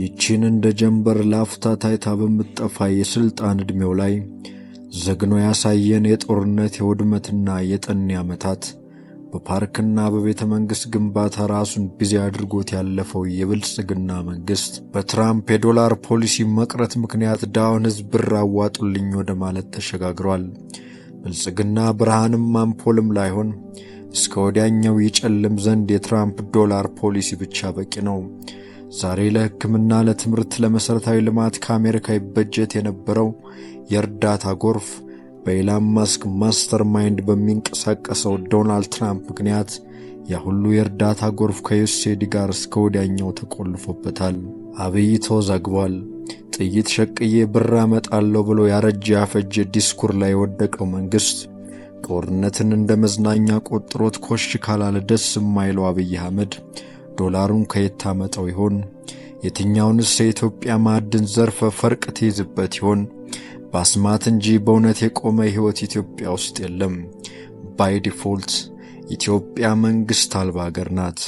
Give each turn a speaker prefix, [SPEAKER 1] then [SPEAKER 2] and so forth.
[SPEAKER 1] ይቺን እንደ ጀንበር ላፍታ ታይታ በምትጠፋ የሥልጣን ዕድሜው ላይ ዘግኖ ያሳየን የጦርነት የውድመትና የጠኔ ዓመታት በፓርክና በቤተ መንግሥት ግንባታ ራሱን ቢዜ አድርጎት ያለፈው የብልጽግና መንግሥት በትራምፕ የዶላር ፖሊሲ መቅረት ምክንያት ዳውን ሕዝብ ብር አዋጡልኝ ወደ ማለት ተሸጋግሯል። ብልጽግና ብርሃንም አምፖልም ላይሆን እስከ ወዲያኛው ይጨልም ዘንድ የትራምፕ ዶላር ፖሊሲ ብቻ በቂ ነው። ዛሬ ለሕክምና፣ ለትምህርት፣ ለመሠረታዊ ልማት ከአሜሪካ ይበጀት የነበረው የእርዳታ ጎርፍ በኢላን ማስክ ማስተር ማይንድ በሚንቀሳቀሰው ዶናልድ ትራምፕ ምክንያት ያ ሁሉ የእርዳታ ጎርፍ ከዩኤስኤይድ ጋር እስከ ወዲያኛው ተቆልፎበታል። አብይ ተወዛግቧል። ጥይት ሸቅዬ ብር አመጣለሁ ብሎ ያረጀ ያፈጀ ዲስኩር ላይ የወደቀው መንግሥት ጦርነትን እንደ መዝናኛ ቆጥሮት ኮሽ ካላለ ደስ የማይለው አብይ አህመድ ዶላሩን ከየት ታመጣው ይሆን? የትኛውንስ የኢትዮጵያ ማዕድን ዘርፈ ፈርቅ ትይዝበት ይሆን? በአስማት እንጂ በእውነት የቆመ ሕይወት ኢትዮጵያ ውስጥ የለም። ባይ ዲፎልት ኢትዮጵያ መንግሥት አልባ አገር ናት።